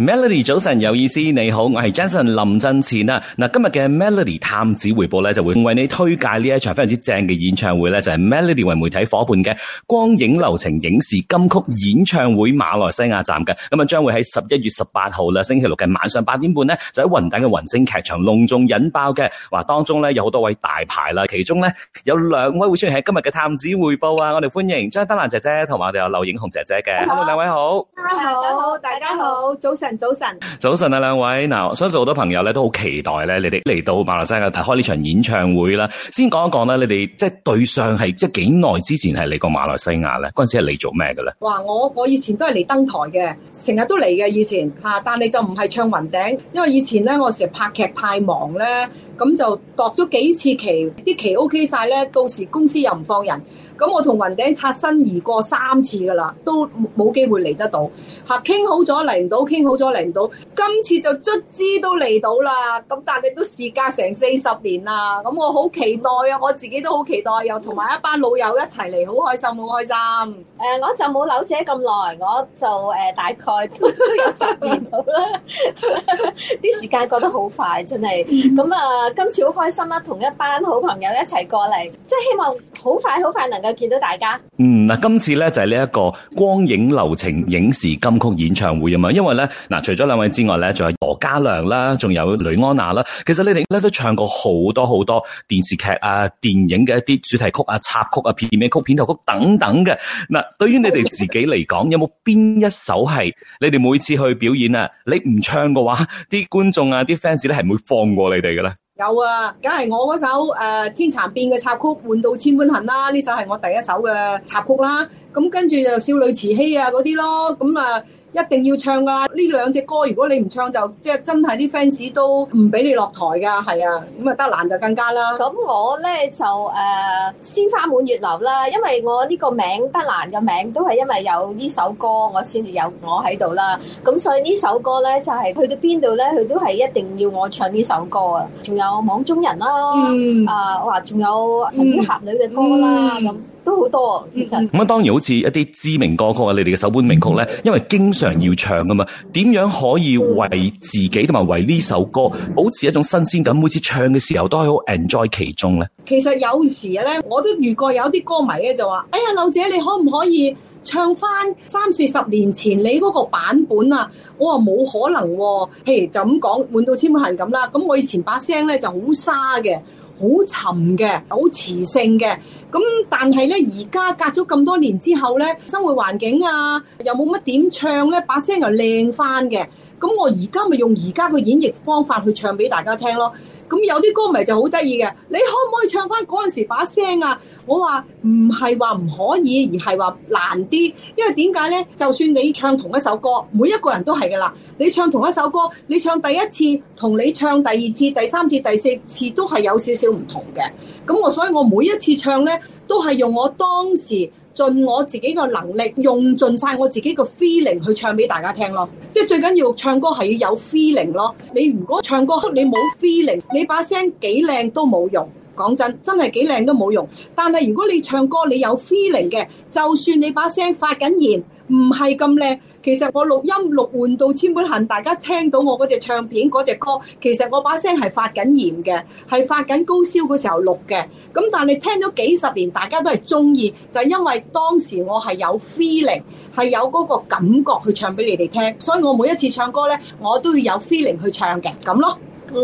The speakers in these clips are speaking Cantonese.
Melody 早晨有意思，你好，我係 Jason 林振前啦。嗱，今日嘅 Melody 探子回報咧，就會為你推介呢一場非常之正嘅演唱會咧，就係 Melody 為媒體伙伴嘅光影流情影視金曲演唱會馬來西亞站嘅。咁啊，將會喺十一月十八號啦，星期六嘅晚上八點半咧，就喺雲頂嘅雲星劇場隆重引爆嘅。話當中咧有好多位大牌啦，其中咧有兩位會出現喺今日嘅探子回報啊。我哋歡迎張德蘭姐姐同埋我哋有柳影虹姐姐嘅。Hello，兩位好，大家好，好，大家好，早晨。早晨，早晨，早晨啊，兩位。嗱，相信好多朋友咧都好期待咧，你哋嚟到馬來西亞開呢場演唱會啦。先講一講咧，你哋即係對上係即係幾耐之前係嚟過馬來西亞咧？嗰陣時係嚟做咩嘅咧？哇！我我以前都係嚟登台嘅，成日都嚟嘅以前嚇，但係就唔係唱雲頂，因為以前咧我成日拍劇太忙咧，咁就度咗幾次期，啲期 OK 晒咧，到時公司又唔放人。咁我同雲頂擦身而過三次㗎喇，都冇機會嚟得到。傾好咗嚟唔到，傾好咗嚟唔到，今次就卒之都嚟到啦。咁但係都時隔成四十年啦，咁我好期待啊！我自己都好期待啊，又同埋一班老友一齊嚟，好開心好開心。誒我就冇柳姐咁耐，我就誒、呃、大概都， 都有十年到啦。啲 時間過得好快，真係。咁、mm. 啊、嗯，今次好開心啦，同一班好朋友一齊過嚟，即係希望好快好快能夠見到大家。嗯，嗱、啊，今次咧就係呢一個光影流情、影視金曲演唱會啊嘛，因為咧嗱、啊，除咗兩位之外咧，仲有羅嘉良啦，仲有呂安娜啦。其實你哋咧都唱過好多好多電視劇啊、電影嘅一啲主題曲啊、插曲啊、片尾曲、片尾曲片頭曲等等嘅嗱。啊對於你哋自己嚟講，有冇邊一首係你哋每次去表演啊，你唔唱嘅話，啲觀眾啊、啲 fans 咧係唔會放過你哋嘅咧？有啊，梗係我嗰首誒《天蠶變》嘅插曲《換到千般恨》啦，呢首係我第一首嘅插曲啦。咁跟住就《少女慈禧》啊嗰啲咯，咁啊。一定要唱噶啦！呢兩隻歌如果你唔唱就即係真係啲 fans 都唔俾你落台噶。係啊，咁啊德蘭就更加啦。咁我咧就誒《鮮花滿月樓》啦，因為我呢個名德蘭嘅名都係因為有呢首歌我先至有我喺度啦。咁所以呢首歌咧就係去到邊度咧佢都係一定要我唱呢首歌啊！仲有《網中人》啦，啊我話仲有《神鵰俠侶》嘅歌啦咁。都好多啊，其實咁啊、嗯嗯嗯，當然好似一啲知名歌曲啊，你哋嘅首本名曲咧，因為經常要唱㗎嘛，點樣可以為自己同埋為呢首歌保持一種新鮮感，每次唱嘅時候都係好 enjoy 其中咧、嗯。其實有時咧，我都遇過有啲歌迷咧就話，哎呀，柳姐，你可唔可以唱翻三四十年前你嗰個版本啊？我話冇可能喎、啊。譬如就咁講，換到千萬行咁啦。咁我以前把聲咧就好沙嘅。好沉嘅，好磁性嘅，咁但係呢，而家隔咗咁多年之後呢，生活環境啊，又冇乜點唱呢，把聲又靚翻嘅，咁我而家咪用而家嘅演繹方法去唱俾大家聽咯。咁有啲歌迷就好得意嘅，你可唔可以唱返嗰陣時把聲啊？我話唔係話唔可以，而係話難啲，因為點解呢？就算你唱同一首歌，每一個人都係㗎啦，你唱同一首歌，你唱第一次同你唱第二次、第三次、第四次都係有少少唔同嘅。咁我所以我每一次唱呢，都係用我當時。盡我自己個能力，用盡晒我自己個 feeling 去唱俾大家聽咯。即係最緊要唱歌係要有 feeling 咯。你如果唱歌你冇 feeling，你把聲幾靚都冇用。講真，真係幾靚都冇用。但係如果你唱歌你有 feeling 嘅，就算你把聲發緊炎，唔係咁靚。其實我錄音錄換到千般恨，大家聽到我嗰隻唱片嗰隻、那個、歌，其實我把聲係發緊炎嘅，係發緊高燒嗰時候錄嘅。咁但係你聽咗幾十年，大家都係中意，就係、是、因為當時我係有 feeling，係有嗰個感覺去唱俾你哋聽。所以我每一次唱歌呢，我都要有 feeling 去唱嘅，咁咯。嗯，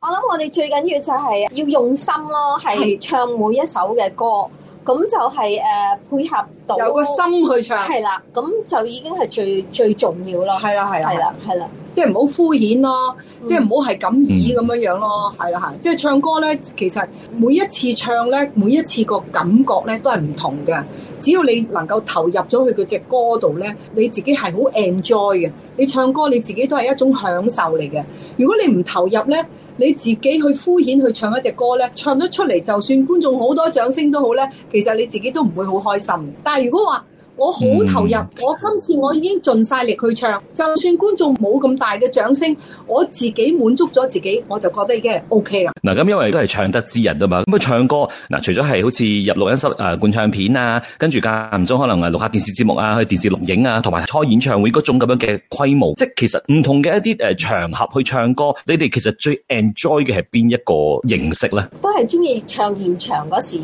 我諗我哋最緊要就係要用心咯，係唱每一首嘅歌。咁就係、是呃、配合到有個心去唱，係啦，咁就已經係最最重要啦。係啦，係啦，係啦，係啦，即係唔好敷衍咯，嗯、即係唔好係咁耳咁樣樣咯，係、嗯、啦，即係、就是、唱歌咧，其實每一次唱咧，每一次個感覺咧都係唔同嘅。只要你能夠投入咗去佢隻歌度咧，你自己係好 enjoy 嘅。你唱歌你自己都係一種享受嚟嘅。如果你唔投入咧，你自己去敷衍去唱一隻歌咧，唱得出嚟就算觀眾好多掌聲都好咧，其實你自己都唔會好開心。但係如果話，我好投入，我今次我已經盡晒力去唱，就算觀眾冇咁大嘅掌聲，我自己滿足咗自己，我就覺得已經 OK 啦。嗱、嗯，咁因為都係唱得之人啊嘛。咁啊，唱歌嗱，除咗係好似入錄音室誒灌唱片啊，跟住間唔中可能係錄下電視節目啊，去電視錄影啊，同埋開演唱會嗰種咁樣嘅規模，即係其實唔同嘅一啲誒場合去唱歌，你哋其實最 enjoy 嘅係邊一個形式咧？都係中意唱現場嗰時誒，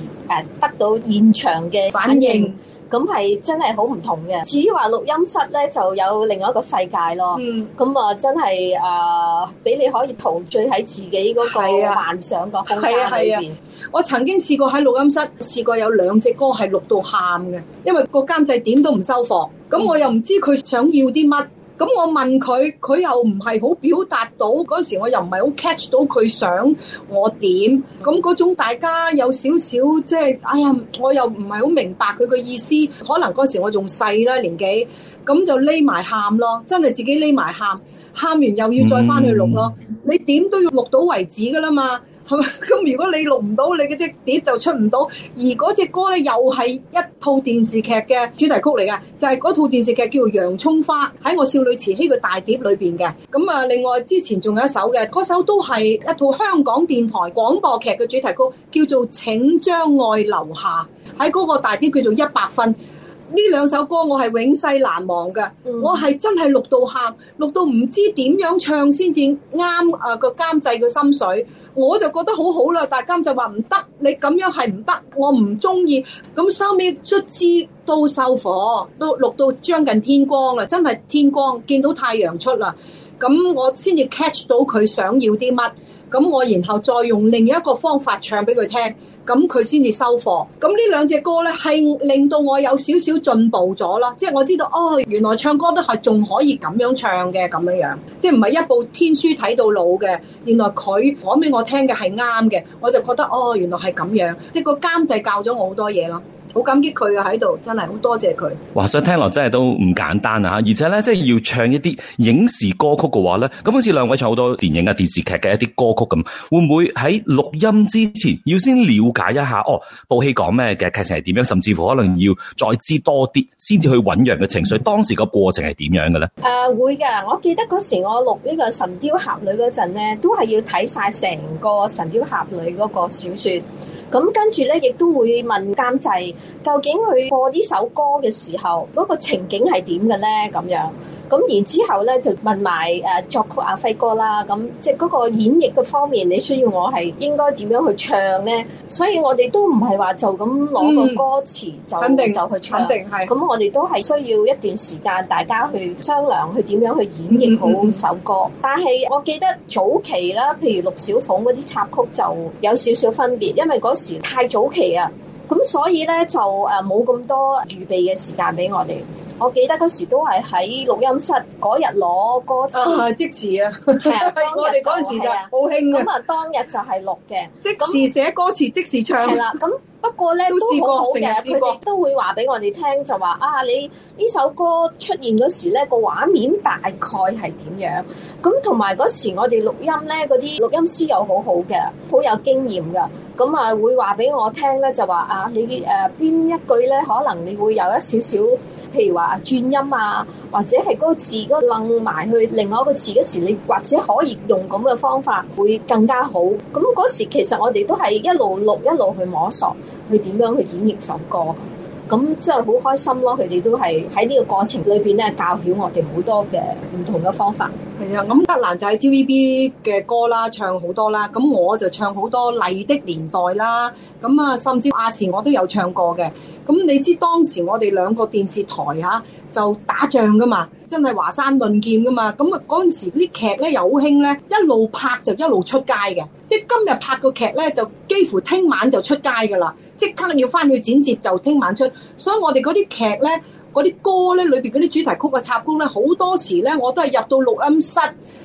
得到現場嘅反應。咁係真係好唔同嘅，至於話錄音室咧，就有另外一個世界咯。咁、嗯、啊，真係啊，俾、呃、你可以陶醉喺自己嗰個幻想個空間裏邊，係啊係啊係啊。我曾經試過喺錄音室試過有兩隻歌係錄到喊嘅，因為個監製點都唔收貨，咁我又唔知佢想要啲乜。嗯咁我問佢，佢又唔係好表達到，嗰時我又唔係好 catch 到佢想我點，咁嗰種大家有少少即係，哎呀，我又唔係好明白佢嘅意思，可能嗰時我仲細啦，年紀，咁就匿埋喊咯，真係自己匿埋喊，喊完又要再翻去錄咯、嗯，你點都要錄到為止噶啦嘛。咁 如果你錄唔到你嗰隻碟就出唔到，而嗰隻歌呢，又係一套電視劇嘅主題曲嚟㗎，就係、是、嗰套電視劇叫做《洋蔥花》，喺我少女慈禧個大碟裏面嘅。咁啊，另外之前仲有一首嘅，嗰首都係一套香港電台廣播劇嘅主題曲，叫做《請將愛留下》，喺嗰個大碟叫做一百分。呢兩首歌我係永世難忘嘅，我係真係錄到喊，錄到唔知點樣唱先至啱啊個監製嘅心水，我就覺得好好啦。但監製就話唔得，你咁樣係唔得，我唔中意。咁收尾卒之都收火，都錄到將近天光啦，真係天光，見到太陽出啦。咁我先至 catch 到佢想要啲乜，咁我然後再用另一個方法唱俾佢聽。咁佢先至收貨，咁呢兩隻歌呢，係令到我有少少進步咗咯，即係我知道哦，原來唱歌都係仲可以咁樣唱嘅咁樣樣，即係唔係一部天書睇到老嘅，原來佢講俾我聽嘅係啱嘅，我就覺得哦，原來係咁樣，即係個監製教咗我好多嘢咯。好感激佢啊，喺度，真係好多謝佢。哇，想聽落真係都唔簡單啊！而且呢，即係要唱一啲影視歌曲嘅話呢，咁好似兩位唱好多電影啊、電視劇嘅一啲歌曲咁，會唔會喺錄音之前要先了解一下哦？部戲講咩嘅劇情係點樣，甚至乎可能要再知多啲，先至去醞釀嘅情緒。當時個過程係點樣嘅呢？誒、呃，會嘅。我記得嗰時我錄呢個《神鵰俠侶》嗰陣呢，都係要睇晒成個《神鵰俠侶》嗰個小說。咁跟住咧，亦都會問監製，究竟佢播呢首歌嘅時候，嗰個情景係點嘅咧？咁樣。咁然之後咧，就問埋、啊、作曲阿、啊、輝哥啦，咁即係嗰個演繹嘅方面，你需要我係應該點樣去唱咧？所以我哋都唔係話就咁攞個歌詞就、嗯、肯定就去唱，肯定係。咁我哋都係需要一段時間，大家去商量去點樣去演繹好首歌。嗯嗯嗯，但係我記得早期啦，譬如陸小鳳嗰啲插曲就有少少分別，因為嗰時太早期啊，咁所以咧就冇咁多預備嘅時間俾我哋。我記得嗰時都係喺錄音室嗰日攞歌詞，啊，即時啊，我哋嗰陣時就好興。咁啊，當日就係錄嘅，即時寫歌詞，即時唱。係 啦，咁不過咧都過，都好好嘅，佢哋都會話俾我哋聽，就話啊，你呢首歌出現嗰時咧，個畫面大概係點樣？咁同埋嗰時我哋錄音咧，嗰啲錄音師又好好嘅，好有經驗㗎。咁啊，會話俾我聽咧，就話啊，你誒邊，啊、一句咧，可能你會有一少少。譬如話轉音啊，或者係嗰個字嗰個楞埋去另外一個字嗰時，你或者可以用咁嘅方法會更加好。咁嗰時其實我哋都係一路錄一路去摸索，去點樣去演繹首歌。咁即係好開心咯啊。佢哋都係喺呢個過程裏邊咧，教曉我哋好多嘅唔同嘅方法。係啊，咁德蘭就喺 TVB 嘅歌啦，唱好多啦。咁我就唱好多《麗的年代》啦。咁啊，甚至亞視我都有唱過嘅。咁你知當時我哋兩個電視台嚇就打仗噶嘛，真係華山論劍噶嘛。咁啊嗰陣時啲劇咧又好興咧，一路拍就一路出街嘅，即係今日拍個劇咧就幾乎聽晚就出街噶啦，即刻要翻去剪接就聽晚出。所以我哋嗰啲劇咧。嗰啲歌咧，裏邊嗰啲主題曲嘅插曲咧，好多時咧，我都係入到錄音室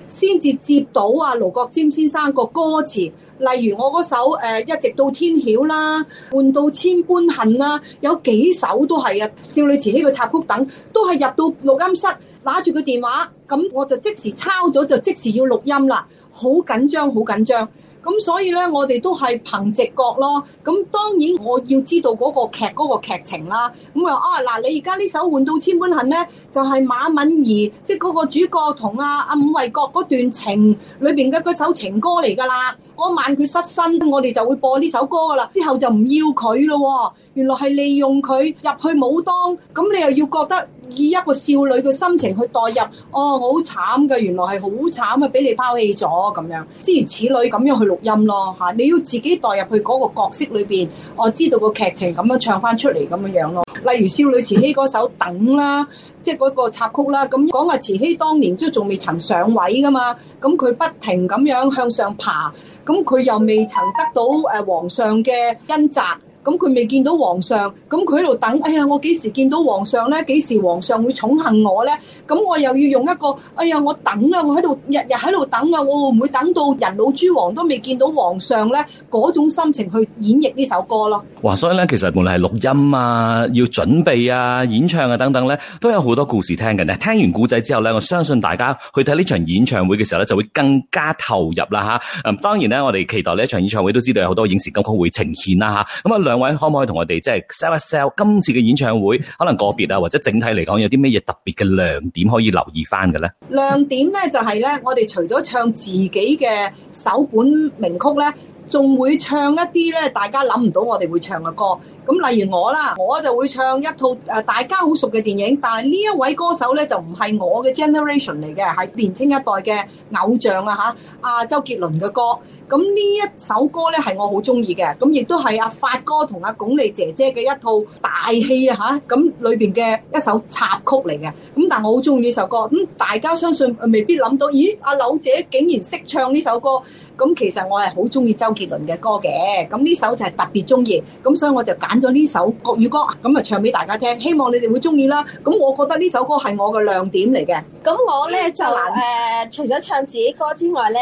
先至接到啊。盧國沾先生個歌詞，例如我嗰首誒一直到天曉啦，換到千般恨啦，有幾首都係啊，少女慈禧呢個插曲等，都係入到錄音室，拿住個電話，咁我就即時抄咗，就即時要錄音啦，好緊張，好緊張。咁所以咧，我哋都係憑直覺咯。咁當然我要知道嗰個劇嗰個劇情啦。咁話啊嗱，你而家呢首換到千般恨咧，就係馬敏儀即嗰個主角同阿阿伍衛國嗰段情裏面嘅嗰首情歌嚟㗎啦。嗰晚佢失身，我哋就會播呢首歌㗎啦。之後就唔要佢咯、哦。原來係利用佢入去武當，咁你又要覺得以一個少女嘅心情去代入，哦，好慘嘅，原來係好慘啊，俾你拋棄咗咁樣，諸如此類咁樣去錄音咯，嚇，你要自己代入去嗰個角色裏面，我、哦、知道個劇情咁樣唱翻出嚟咁樣樣咯。例如少女慈禧嗰首等啦，即係嗰個插曲啦，咁講話慈禧當年即係仲未曾上位噶嘛，咁佢不停咁樣向上爬，咁佢又未曾得到誒皇上嘅恩澤。咁、嗯、佢未見到皇上，咁佢喺度等。哎呀，我幾時見到皇上呢？幾時皇上會寵幸我呢？咁、嗯、我又要用一個，哎呀，我等啊！我喺度日日喺度等啊！我會唔會等到人老珠黃都未見到皇上呢？嗰種心情去演繹呢首歌咯。哇！所以呢，其實無論係錄音啊、要準備啊、演唱啊等等呢，都有好多故事聽嘅。聽完故仔之後呢，我相信大家去睇呢場演唱會嘅時候呢，就會更加投入啦嚇。咁當然呢，我哋期待呢一場演唱會都知道有好多影視金曲會呈現啦嚇。咁啊、呃兩位可唔可以同我哋即係 sell 一 sell 今次嘅演唱會，可能個別啊，或者整體嚟講，有啲咩嘢特別嘅亮點可以留意翻嘅咧？亮點咧就係咧，我哋除咗唱自己嘅首本名曲咧，仲會唱一啲咧大家諗唔到我哋會唱嘅歌。咁例如我啦，我就會唱一套誒大家好熟嘅電影，但係呢一位歌手咧就唔係我嘅 generation 嚟嘅，係年青一代嘅偶像啊嚇，阿周杰倫嘅歌。咁呢一首歌咧係我好中意嘅，咁亦都係阿發哥同阿鞏俐姐姐嘅一套大戲啊嚇，咁裏邊嘅一首插曲嚟嘅。咁但係我好中意呢首歌，咁大家相信未必諗到，咦？阿柳姐竟然識唱呢首歌，咁其實我係好中意周杰倫嘅歌嘅，咁呢首就係特別中意，咁所以我就揀。揀咗呢首國語歌，咁啊唱俾大家聽，希望你哋會中意啦。咁我覺得呢首歌係我嘅亮點嚟嘅。咁我咧就誒、 呃，除咗唱自己歌之外咧，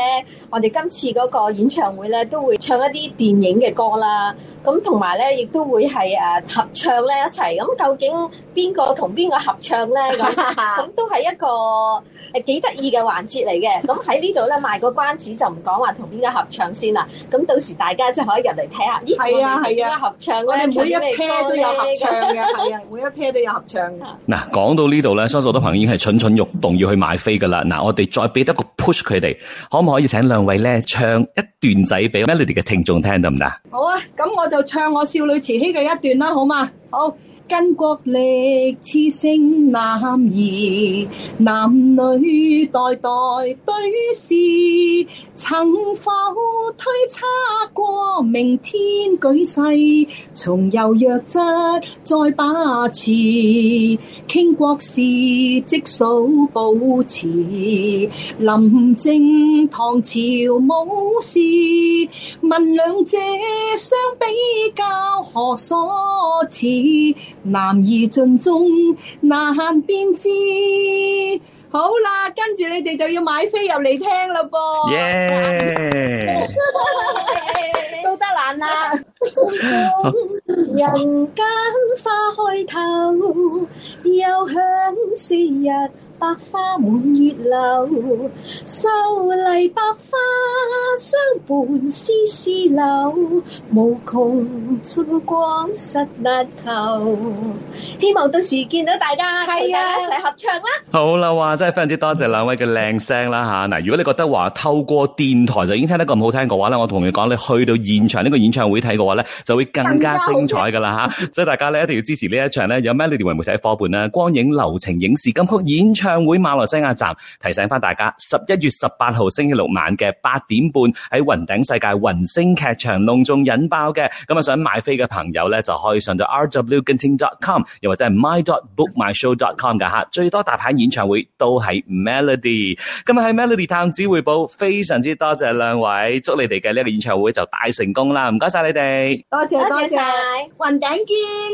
我哋今次嗰個演唱會咧都會唱一啲電影嘅歌啦。咁同埋咧，亦都會係誒、啊、合唱咧一齊。咁究竟邊個同邊個合唱咧？咁咁都係一個。 誒，幾得意嘅環節嚟嘅，咁喺呢度咧賣個關子就唔講話同邊個合唱先啦。咁到時大家即係可以入嚟睇下，呢個係邊個合唱？呢，每一 pair 都有合唱嘅，係 啊，每一 pair 都有合唱。嗱、 啊，講到呢度咧，相信好多朋友已經係蠢蠢欲動要去買飛噶啦。嗱、啊，我哋再俾得個 push 佢哋，可唔可以請兩位咧唱一段仔俾 Melody 嘅聽眾聽得唔得？好啊，咁我就唱我少女慈禧嘅一段啦，好嘛？好。巾幗力，雌雄難移；男女代代對峙，曾否推測過明天舉世重由弱質再把持？傾國事，即數保持；臨政唐朝武事，問兩者相比較何所似？男兒盡忠，難辨知。好啦，跟住你哋就要買飛入嚟聽啦噃。耶、yeah! 懶，都得難啊。人間花開頭，又響四日百花滿月樓，秀麗百花。相伴絲絲柳，無窮春光實難求。希望到時見到大家，係啊，一齊合唱啦！好啦，啊，哇，真係非常之多謝兩位嘅靚聲啦吓。嗱，嗯，如果你覺得話透過電台就已經聽得咁好聽嘅話咧，我同你講，你去到現場呢，這個演唱會睇嘅話咧，就會更加精彩噶啦吓。所以大家咧一定要支持呢一場咧，有 Melody 為媒體伙伴咧，光影流情影視金曲演唱會馬來西亞站，提醒翻大家，十一月十八號星期六晚嘅八點半。喺雲頂世界雲星劇場隆重引爆嘅，咁啊想買飛嘅朋友咧就可以上到 RwGenting.com，又或者係 My.BookMyShow.com 噶吓，最多大牌演唱會都係 Melody。今日喺 Melody 探子回報，非常之多謝兩位，祝你哋嘅呢個演唱會就大成功啦！唔該晒你哋，多謝多謝，雲頂見。